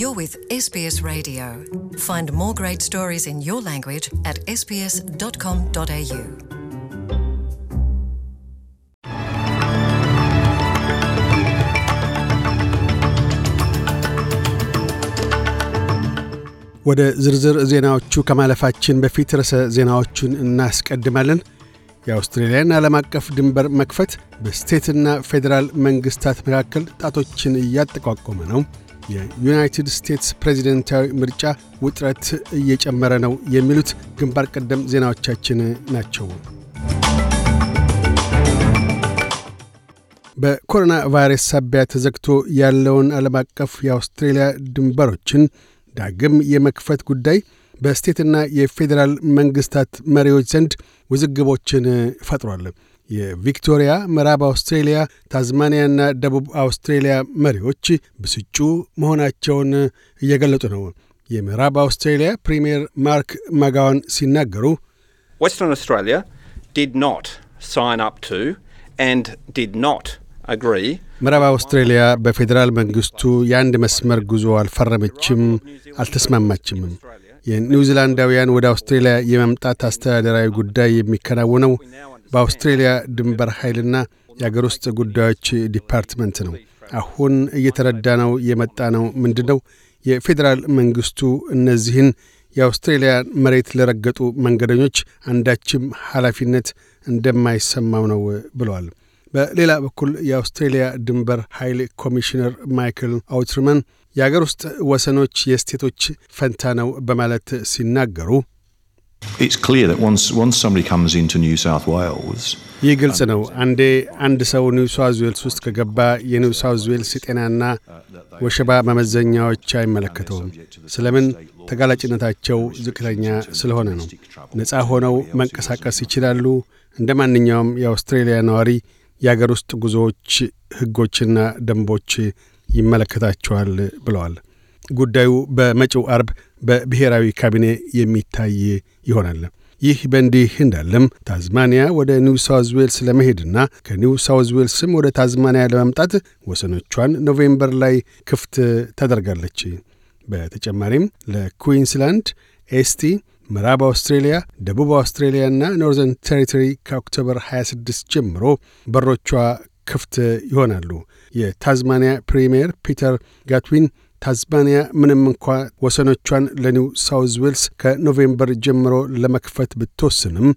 You're with SBS Radio. Find more great stories in your language at sbs.com.au. ወደ ዝርዝር ዜናዎቹ ከማለፋችን በፊት ርዕሰ ዜናዎቹን እናስቀድማለን። የአውስትሬልያን ዓለም አቀፍ ድንበር መክፈት በስቴትና ፌዴራል መንግሥታት መካከል ጣቶችን እያጠቋቆመ ነው። የዩናይትድ ስቴትስ ፕሬዚደንታዊ ምርጫ ውጥረት እየጨመረ ነው የሚሉት ግንባር ቀደም ዜናዎቻችን ናቸው። በኮሮና ቫይረስ ሳቢያ ተዘግቶ ያለውን ዓለም አቀፍ የአውስትሬልያ ድንበሮችን ዳግም የመክፈት ጉዳይ በስቴትና የፌዴራል መንግሥታት መሪዎች ዘንድ ውዝግቦችን ፈጥሯል። የቪክቶሪያ፣ ምዕራብ አውስትሬሊያ፣ ታዝማኒያና ደቡብ አውስትሬሊያ መሪዎች ብስጩ መሆናቸውን እየገለጡ ነው። የምዕራብ አውስትሬሊያ ፕሪምየር ማርክ ማጋዋን ሲናገሩ ዌስተርን አውስትራሊያ ዲድ ኖት ሳይን አፕ ቱ ኤንድ ዲድ ኖት ምዕራብ አውስትሬሊያ በፌዴራል መንግስቱ የአንድ መስመር ጉዞ አልፈረመችም፣ አልተስማማችም የኒውዚላንዳውያን ወደ አውስትሬሊያ የመምጣት አስተዳደራዊ ጉዳይ የሚከናውነው በአውስትሬልያ ድንበር ኃይልና የአገር ውስጥ ጉዳዮች ዲፓርትመንት ነው። አሁን እየተረዳ ነው የመጣ ነው ምንድ ነው የፌዴራል መንግስቱ እነዚህን የአውስትሬልያ መሬት ለረገጡ መንገደኞች አንዳችም ኃላፊነት እንደማይሰማው ነው ብለዋል። በሌላ በኩል የአውስትሬልያ ድንበር ኃይል ኮሚሽነር ማይክል አውትርመን የአገር ውስጥ ወሰኖች የስቴቶች ፈንታ ነው በማለት ሲናገሩ It's clear that once, once somebody comes into New South Wales, ይህ ግልጽ ነው። አንዴ አንድ ሰው ኒው ሳውዝ ዌልስ ውስጥ ከገባ የኒው ሳውዝ ዌልስ የጤናና ወሸባ መመዘኛዎች አይመለከተውም። ስለምን? ተጋላጭነታቸው ዝቅተኛ ስለሆነ ነው። ነፃ ሆነው መንቀሳቀስ ይችላሉ። እንደ ማንኛውም የአውስትሬልያ ነዋሪ የአገር ውስጥ ጉዞዎች ሕጎችና ደንቦች ይመለከታቸዋል ብለዋል። ጉዳዩ በመጪው አርብ በብሔራዊ ካቢኔ የሚታይ ይሆናል። ይህ በእንዲህ እንዳለም ታዝማኒያ ወደ ኒው ሳውዝ ዌልስ ለመሄድና ከኒው ሳውዝ ዌልስም ወደ ታዝማኒያ ለመምጣት ወሰኖቿን ኖቬምበር ላይ ክፍት ታደርጋለች። በተጨማሪም ለኩዊንስላንድ፣ ኤስቲ፣ ምዕራብ አውስትሬልያ፣ ደቡብ አውስትሬልያና ኖርዘርን ቴሪቶሪ ከኦክቶበር 26 ጀምሮ በሮቿ ክፍት ይሆናሉ። የታዝማኒያ ፕሪምየር ፒተር ጋትዊን ታዝማኒያ ምንም እንኳ ወሰኖቿን ለኒው ሳውዝ ዌልስ ከኖቬምበር ጀምሮ ለመክፈት ብትወስንም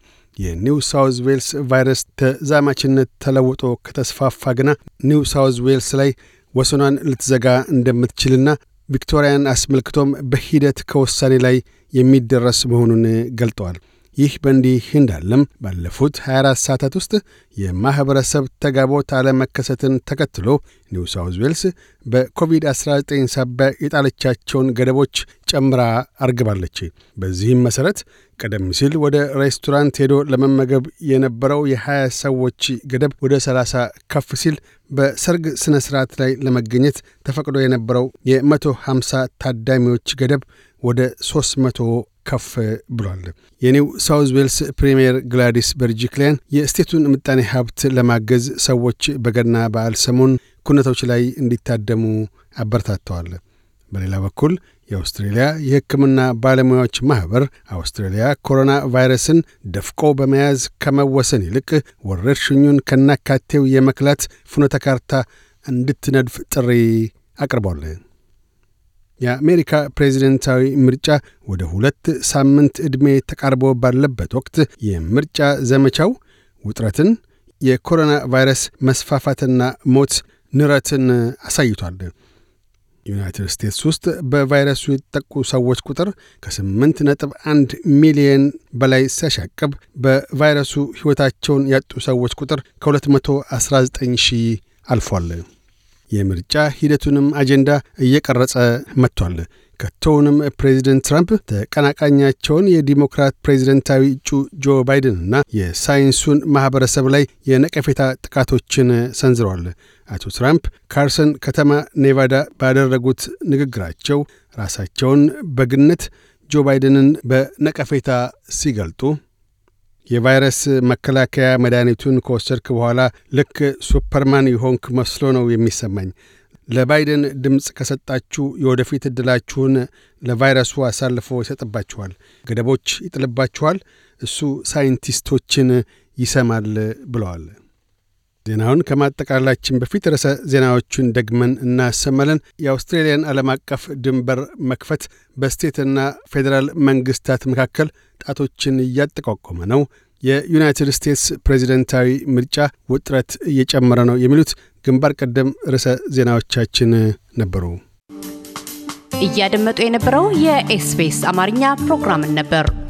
የኒው ሳውዝ ዌልስ ቫይረስ ተዛማችነት ተለውጦ ከተስፋፋ ግና ኒው ሳውዝ ዌልስ ላይ ወሰኗን ልትዘጋ እንደምትችልና ቪክቶሪያን አስመልክቶም በሂደት ከውሳኔ ላይ የሚደረስ መሆኑን ገልጠዋል። ይህ በእንዲህ እንዳለም ባለፉት 24 ሰዓታት ውስጥ የማኅበረሰብ ተጋቦት አለመከሰትን ተከትሎ ኒው ሳውዝ ዌልስ በኮቪድ-19 ሳቢያ የጣለቻቸውን ገደቦች ጨምራ አርግባለች። በዚህም መሠረት ቀደም ሲል ወደ ሬስቶራንት ሄዶ ለመመገብ የነበረው የ20 ሰዎች ገደብ ወደ 30 ከፍ ሲል በሰርግ ሥነ ሥርዓት ላይ ለመገኘት ተፈቅዶ የነበረው የ150 ታዳሚዎች ገደብ ወደ 300 ከፍ ብሏል። የኒው ሳውዝ ዌልስ ፕሪምየር ግላዲስ በርጅክሊያን የስቴቱን ምጣኔ ሀብት ለማገዝ ሰዎች በገና በዓል ሰሞን ኩነቶች ላይ እንዲታደሙ አበረታተዋል። በሌላ በኩል የአውስትሬልያ የሕክምና ባለሙያዎች ማኅበር አውስትሬልያ ኮሮና ቫይረስን ደፍቆ በመያዝ ከመወሰን ይልቅ ወረርሽኙን ከናካቴው የመክላት ፍኖተ ካርታ እንድትነድፍ ጥሪ አቅርቧል። የአሜሪካ ፕሬዚደንታዊ ምርጫ ወደ ሁለት ሳምንት ዕድሜ ተቃርቦ ባለበት ወቅት የምርጫ ዘመቻው ውጥረትን፣ የኮሮና ቫይረስ መስፋፋትና ሞት ንረትን አሳይቷል። ዩናይትድ ስቴትስ ውስጥ በቫይረሱ የተጠቁ ሰዎች ቁጥር ከ8 ነጥብ 1 ሚሊየን በላይ ሲያሻቅብ በቫይረሱ ሕይወታቸውን ያጡ ሰዎች ቁጥር ከ219 ሺህ አልፏል። የምርጫ ሂደቱንም አጀንዳ እየቀረጸ መጥቷል። ከቶውንም ፕሬዚደንት ትራምፕ ተቀናቃኛቸውን የዲሞክራት ፕሬዚደንታዊ እጩ ጆ ባይደንና የሳይንሱን ማኅበረሰብ ላይ የነቀፌታ ጥቃቶችን ሰንዝረዋል። አቶ ትራምፕ ካርሰን ከተማ ኔቫዳ ባደረጉት ንግግራቸው ራሳቸውን በግነት ጆ ባይደንን በነቀፌታ ሲገልጡ የቫይረስ መከላከያ መድኃኒቱን ከወሰድክ በኋላ ልክ ሱፐርማን የሆንክ መስሎ ነው የሚሰማኝ። ለባይደን ድምፅ ከሰጣችሁ የወደፊት ዕድላችሁን ለቫይረሱ አሳልፎ ይሰጥባችኋል፣ ገደቦች ይጥልባችኋል። እሱ ሳይንቲስቶችን ይሰማል ብለዋል። ዜናውን ከማጠቃላችን በፊት ርዕሰ ዜናዎቹን ደግመን እናሰማለን። የአውስትሬልያን ዓለም አቀፍ ድንበር መክፈት በስቴትና ፌዴራል መንግስታት መካከል ጣቶችን እያጠቋቆመ ነው። የዩናይትድ ስቴትስ ፕሬዚደንታዊ ምርጫ ውጥረት እየጨመረ ነው። የሚሉት ግንባር ቀደም ርዕሰ ዜናዎቻችን ነበሩ። እያደመጡ የነበረው የኤስፔስ አማርኛ ፕሮግራምን ነበር።